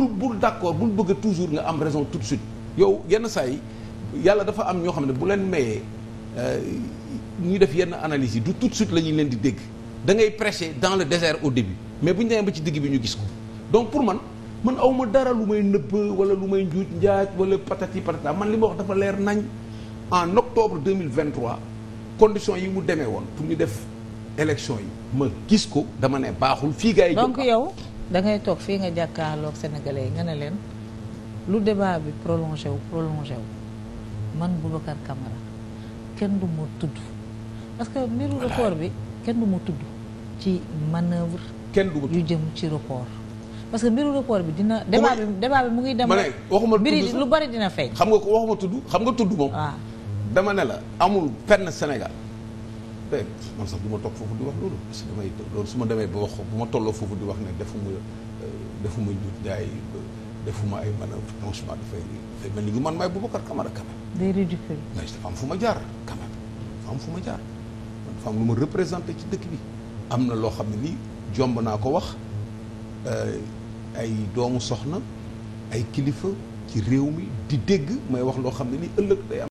bul bul d'accord bul bëgg a nga am raison tout de yow yenn saa yàlla dafa am ñoo xam ne bu leen mayee euh, ñuy def yenn analyse du tout de la ñuy leen di dégg da ngay prêcher dans le désert au début mais bu ñu demee ba ci digg bi ñu gis ko donc pour man man aw ma dara lu may nëpp wala lu may njuuj njaaj wala patati patata man li ma wax dafa leer nañ en octobre 2023 conditions yi mu demee woon pour ñu def élection yi ma gis ko dama ne baaxul fii gars yi donc yow da ngay toog fii nga jàkkaarlook sénégalais yi nga ne leen lu débat bi prolongé wu prolongé wu man Boubacar Camara kenn du ma tudd parce que mbiru report bi kenn du ma tudd ci kenn manœuvre yu jëm ci report parce que mbiru report bi dina débat bi débat bi mu ngi dem waxuma mbiri lu bari dina feeñ xam nga ko waxuma tudd xam nga tudd moom dama ne la amul fenn Sénégal tey man sax du ma toog foofu di wax loolu parce que damay loolu su ma demee ba wax bu ma tolloo foofu di wax ne defuma euh, defuma jut ay manœuvre franchement dafay dafay mel ni man maay Boubacar Camara quand même. day ridicule. mais dafa am fu ma jaar quand am fu ma jaar man dafa lu ma représenté ci dëkk bi am na loo xam ne nii jomb naa ko wax euh, ay doomu soxna ay kilifa ci réew mi di dégg may wax loo xam ne nii ëllëg day am.